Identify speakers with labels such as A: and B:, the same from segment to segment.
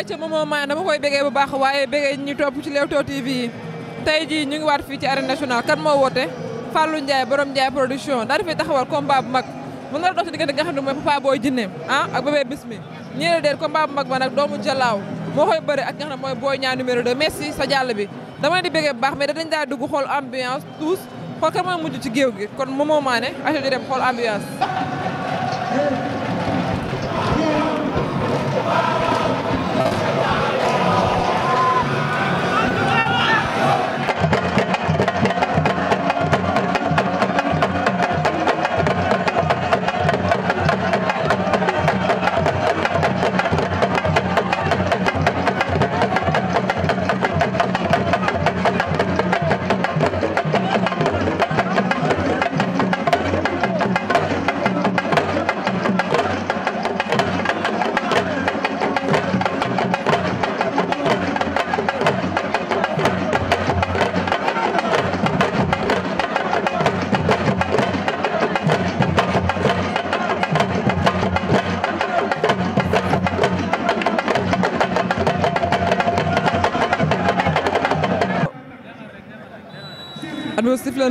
A: ay ca moomoo maa dama koy bégee bu baax waaye bégee ñi topp ci Leewtoo TV yi tey jii ñu ngi waat fii ci arène nationale kan moo woote Fallou Ndiaye borom Ndiaye production daa dafay taxawal combat bu mag mën na la dox ci diggante nga xam ne mooy Papa Boy Djiné ah ak Bébé Bismi ñii la déet combat bu mag ba nag doomu Jalaaw moo koy bëri ak nga xam ne mooy Boy Niang numéro 2 merci sa jàll bi dama leen di bégee baax mais dañ daa dugg xool ambiance tous xool kan mooy mujj ci géew kon moomoo maa ne aco ñu dem at bi sifle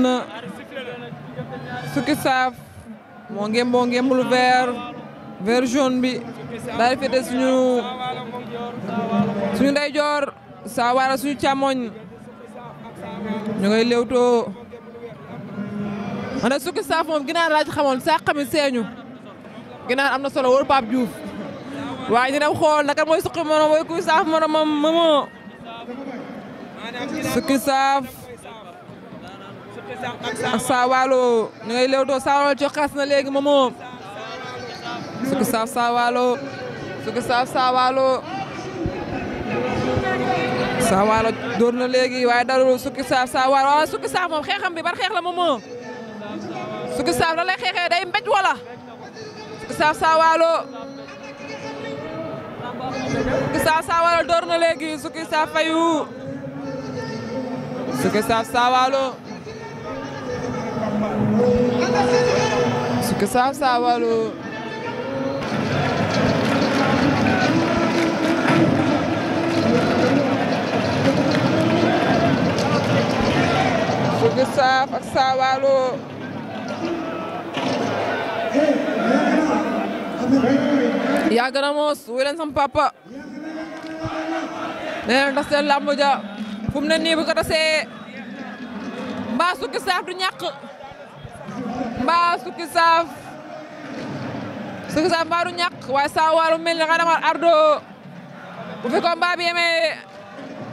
A: sukki saaf moo ngem boo ngembul vert vert bi daal di suñu suñu ndeyjoor saa waara suñu càmmoñ ñu ngay léewtoo ma ne sukki saaf moom ginaar laa ci xamoon saa xami seeñu ginaar am na solo wóor Pape Diouf waaye dina xool naka mooy sukki morom mooy kuy sukki saaf Sawalo ñu na léegi Momo suku saaf Sawalo suku saaf Sawalo Sawalo na léegi waaye dalul suku saaf Sawalo waaw suku saaf moom xeexam bi bar xeex la Momo suku saaf la lay xeexee day mbéj wala suku saaf Sawalo suku saaf Sawalo dóor na léegi suku saaf fayu suku saaf Sawalo suka saabsaabalo suka saaf ak saabalo yàgg na moos wuy leen sama papa nee na tas seen làmb ja fu mu ne nii bu mbaa suka saaf du ñàkk mbaa sukki saaf sukki saaf mbaa du ñàkk waaye saa waaru mel ni xanaa mar ardo bu fi combat bi yemee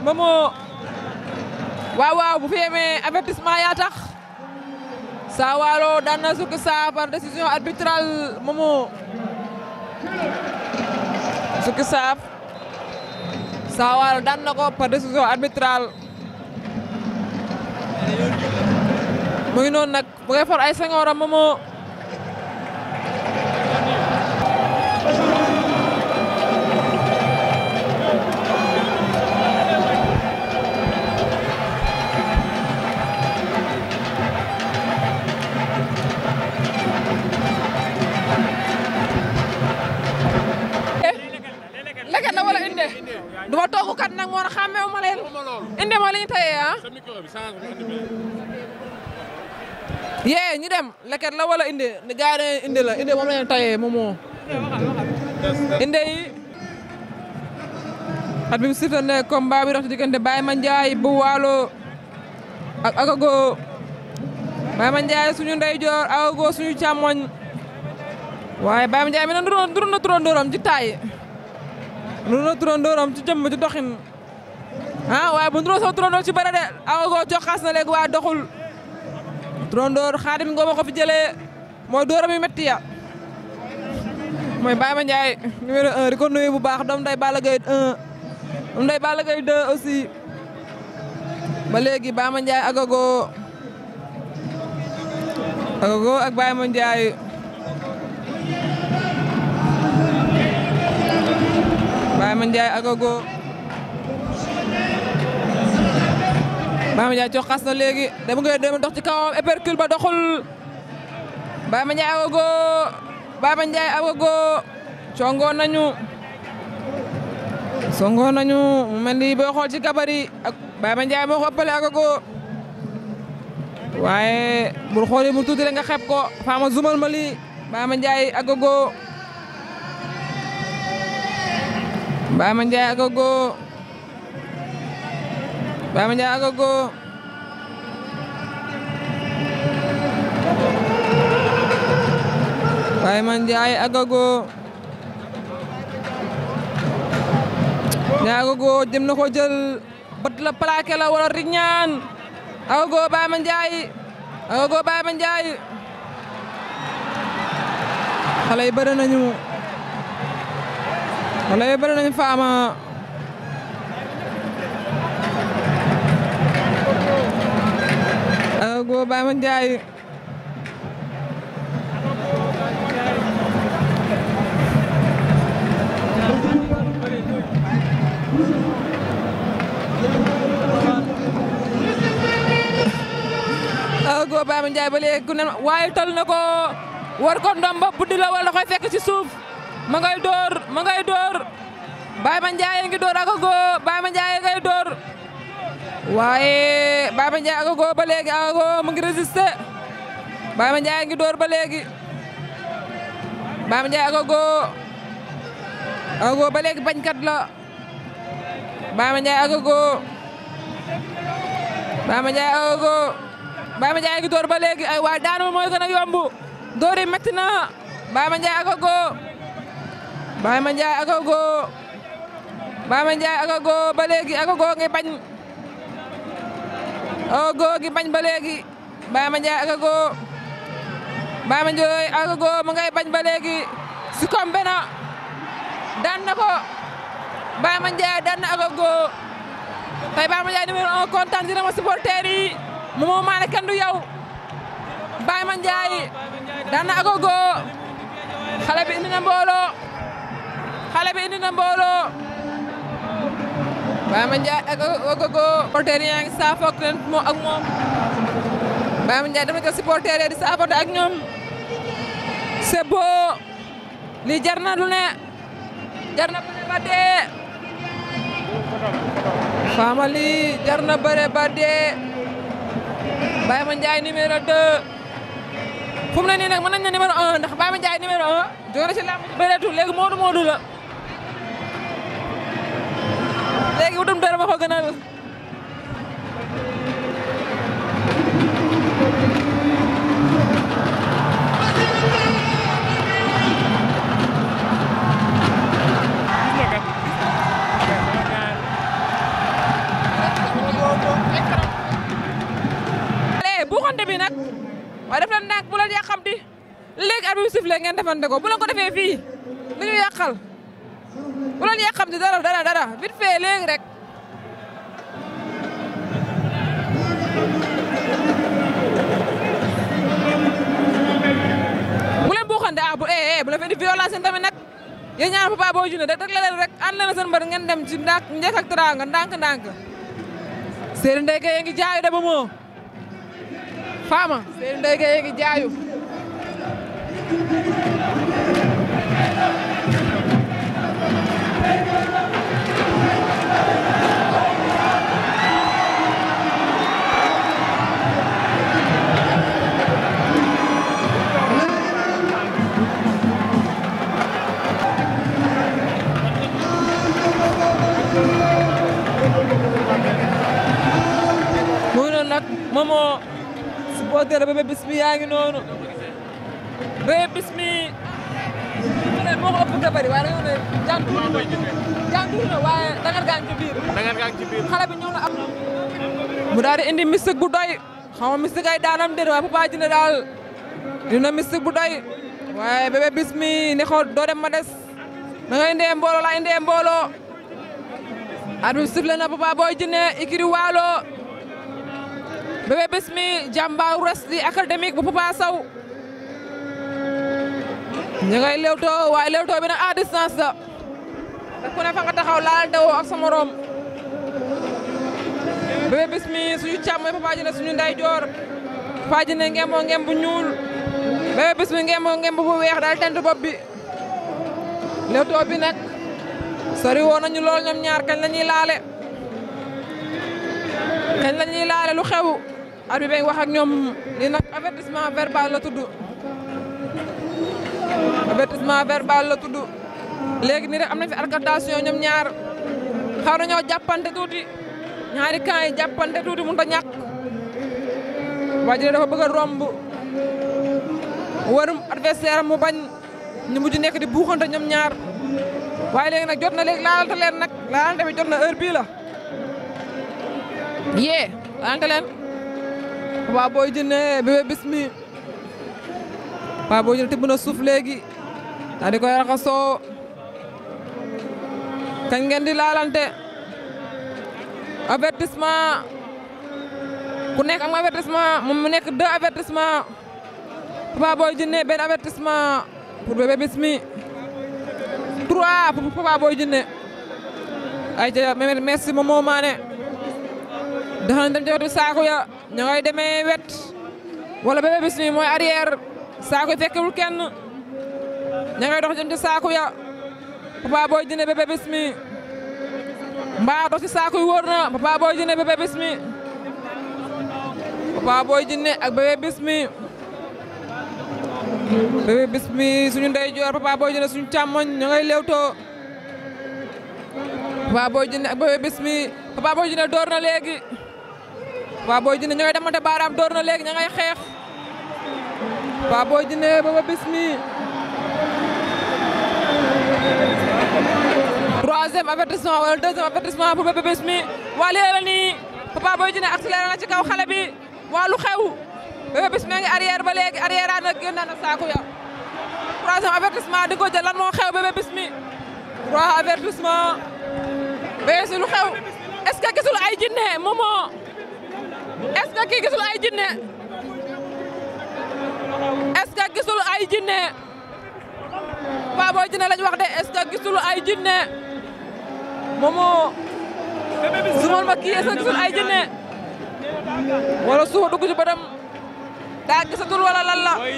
A: moomu waaw waaw bu fi yemee avertissement yaa tax saa waalo daan na sukki saaf par décision arbitrale moomu sukki saaf saa waalo daan na ko par mu noon noonu nag mu ngay for ay sengooram moomoo
B: eh, leket la wala inde
A: duma toogukat nag moo na xàmmeewu ma leen inde moo la ñu tayee ah? yee ñu dem leket la wala inde gars yi inde la inde moom la ñu tayee moom moo. inde yi. at bi mu sifflé ne combat bi ci diggante Baye Mandiaye bu Waalo ak Agogo Baye Mandiaye suñu ndeyjoor Agogo suñu càmmoñ waaye Baye Mandiaye mi ne ndur na turandooram ci taay ndur na ci jëmm ci doxin ah waaye bu nduroo soo turandoor ci bëre de Agogo coxaas na léegi waaye doxul. turandoor xaadim ngoo ma ko fi jëlee mooy dóoram yu métti mooy Baye Ma Ndiaye numéro 1 di nuyu bu baax doom day Balla Gaye doom day Balla Gaye 2 aussi ba léegi Baye Ma Ndiaye Agogo Agogo ak Baye Ma Ndiaye Baye Ma Ndiaye Agogo Baye Mandiaye cox xas na léegi dem nga dem dox ci kawam épercule ba doxul Baye Mandiaye agogo Baye Mandiaye agogo congoon nañu songoon nañu mu mel ni boo xool ci kabari ak Baye Mandiaye moo ko ëppale agogo waaye bul xooli bu tuuti rek nga xeeb ko faama zumal ma lii Baye Mandiaye agogo Baye Mandiaye agogo Baye Mandiaye a ah, gogo Baye Mandiaye a gogo Ndiaye a gogo jëm na ko jël bët la plaqué la wala riñaan a ah, gogo Baye Mandiaye a ah, gogo Baye Mandiaye xale yi bëri nañu xale yi faama góor Baye Ma Ndiaye góor Baye Ma Ndiaye ba léegi ku ne waaye tal ko war ko ndomba buddi la koy fekk ci suuf ma ngay door ma ngay door Baye Ma Ndiaye ngi door ak góor Baye waaye Baye Mandiaye ak Ago ba léegi Ago mu ngi résisté Baye Mandiaye ngi door ba léegi Baye Mandiaye ak Ago Ago ba léegi bañkat la Baye Mandiaye ak Ago Baye Mandiaye ak Ago Baye Mandiaye ngi door ba léegi ay waa daanu mooy gën a yomb doori metti na Baye Mandiaye ak Ago Baye Mandiaye ak Ago Baye Mandiaye ak Ago ba léegi ak Ago ngay bañ Ogo oh, gi bañ ba léegi Baye Mandiaye ak Ogo Baye Mandiaye ak Ogo mu ngay bañ ba léegi sukombe na daan na ko Baye Mandiaye daan na ak Ogo tey Baye Mandiaye numéro un kontaan dina ma supporter yi mu mu maane kenn du yow Baye Mandiaye daan na na mbooloo xale bi na mbooloo Baye Mandiaye ak Ogogo supporter yaa ngi saafoog leen moom ak moom Baye dama jox supporter yi ak ñoom c'est beau lii jar na lu ne jar na bëre ba dee xaama lii jar na bëre dee Baye Mandiaye numéro 2 fu mu ne nii nag mën nañ ne numéro 1 ndax Baye Mandiaye numéro 1 jóge na ci làmb bëreetul léegi moodu moodu la léegi wutum dërëm a ko gënal eh, waaye daf leen ndànk bu leen yàqamti léegi a bi sifle ngeen defante ko bu leen ko defee fii dara dara vite fait léegi rek. bu leen buuxante ah bu eh, eh, bu la fee di violence seen tamit nag yéen ñaar Papa Boy Djiné rek rek la leen rek ànd leen seen mbër ngeen dem ci ndànk njëkk ak teraanga ndànk-ndànk. Seydou Ndeye Gueye ngi jaayu de ba moo Fama Seydou Ndeye Gueye ngi jaayu. moo ko mu daal indi mystique bu doy xam nga ay daanam déet waaye Papa Djiné daal dina mystique bu doy waaye Bébé Bismi ne ko doo dem ma des da ngay indee mbooloo la indee mbooloo. arbitre sifflé na Papa Boy Djiné ikiri waalo Bébé Bismi jàmbaaru wrestling académique bu Papa Sow. ñu ngay lewtoo waaye lewtoo bi nag à distance te ku ne fa nga taxaw laal dawoo ak sa morom Bébé Bismi suñu càmmoñ Papa Djiné suñu ndeyjoor Papa Djiné ngembo ngem bu ñuul Bébé Bismi ngembo ngem bu weex daal tent bopp bi lewtoo bi nag sori woon lool ñoom ñaar kañ la ñuy laale kañ la ñuy laale lu xew arbitre bi wax ak ñoom li nag avertissement verbal la tudd avertissement verbal la tudd léegi nii rek am nañ fi altercation ñoom ñaar xaw nañoo jàppante tuuti ñaari camp yi jàppante tuuti mënut a ñàkk waa ji dafa bëgg a romb warum adversaire mu bañ ñu mujj nekk di buuxante ñoom ñaar waaye léegi nag jot na léegi laalante leen nag laalante bi jot na heure bii la yee laalante leen waa booy jinne bébé bismi Pape Boy Djiné tibb na suuf léegi daal koy raxasoo kañ ngeen di laalante ku nekk am nga avertissement moom mu nekk deux avertissement Papa Boy Djiné benn avertissement pour Bébé Bismi trois pour Papa Boy Djiné ay ca Mehmet merci moom moo maane daxan wetu saaku ya ña demee wet wala Bébé Bismi mooy arrière saako yi fekkewul kenn ña ngay dox jëm ci saako ya Papa Boy Djiné Bébé Bismi mbaa dox ci saako yi wóor na Papa Boy Djiné Bébé Bismi Papa Boy ak Bébé Bismi Bébé Bismi suñu ndeyjoor Papa Boy Djiné suñu càmmoñ ña ngay léewtoo Papa Boy Djiné ak Bébé Bismi Papa Boy Djiné door na léegi Papa Boy Djiné ña ngay demante baaraam door na léegi ña xeex Paa Boy Djiné Bébé Bismi troisième avertissement wala deuxième avertissement pour Bébé Bismi waa lii Papa Boy Djiné accéléré na ci kaw xale bi waa lu xew Bismi ngi arrière ba léegi arrière na génn na saako ya troisième avertissement di ko jël lan moo xew Bébé Bismi trois avertissement Bébé Bismi lu xew est-ce que gisul ay jinne momo est-ce que est-ce ay jinne la Boy Djiné lañ wax de gisul ay jinne Momo sumal ma kii est-ce gisul ay jinne wala suufa dugg ci daa gisatul wala lan la. mooy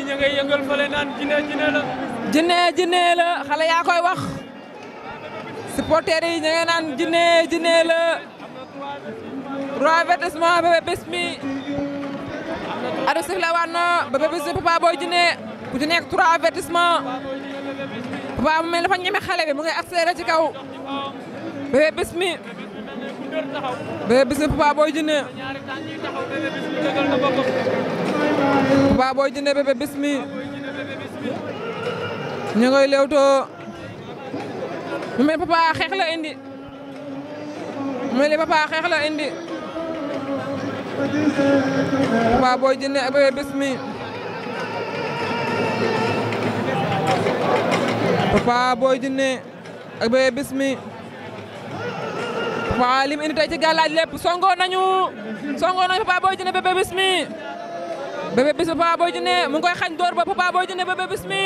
A: jinne jinne la. xale yaa koy wax supporters yi naan jinne jinne la. roi avertissement bébé Bismi arbitre sifflé waat na Bébé Bismi Papa Boy Djiné ku ci nekk trois avertissement Papa mu mel dafa ñeme xale bi mu ngi accéléré ci kaw Bébé Bismi Bébé Bismi Papa Boy Djiné Papa Boy Djiné Bébé Bismi ñu ngay lewtoo mu mel Papa xeex la indi mu mel Papa la indi Papa Boy Djiné ak Bébé Bismi Papa Boy Djiné ak Bébé Bismi Papa lim indi tey ci gàllaaj lépp songo nañu songo nañu Papa Boy Djiné Bébé Bismi Bébé Bismi Papa Boy Djiné mu ngi koy xañ door ba Papa Boy Djiné Bébé Bismi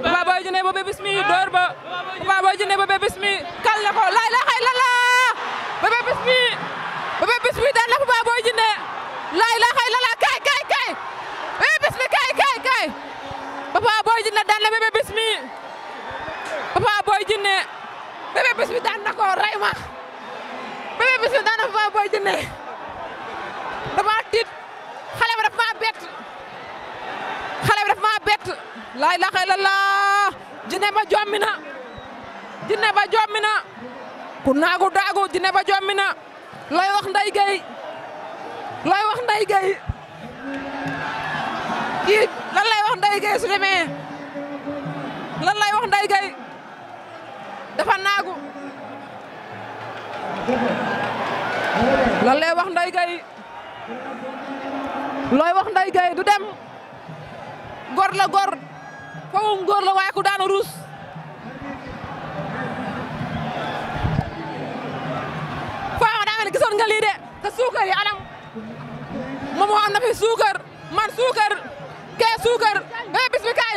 A: Papa Boy Djiné Bébé Bismi door ba Papa Boy Djiné Bébé kal na ko lay la xay la la Bébé Bismi bis bi daan na Papa Boy Djiné laa ilaaha illallaah kaay kaay eh, kaay Bébé Bismi kaay kaay kaay Papa Boy Djiné daan na Bébé Bismi Papa ko rey ma Bébé Bismi daan na Papa Boy Djiné dama tiit xale bi daf maa bett xale bi daf maa ba jommi na Djiné ba jommi na ku naagu daagu Djiné ba jommi na looy wax Ndeye Gueye looy wax Ndeye lan lay wax Ndeye Gueye su demee lan lay wax Ndeye Gueye dafa naagu lay wax Ndeye Gueye looy wax Ndeye Gueye du dem gor la góor fawum góor la waaye ku daanu ruus David gisoon nga lii de te suukar yi anam moom waxoon na fi suukar man suukar kee suukar bis bi ka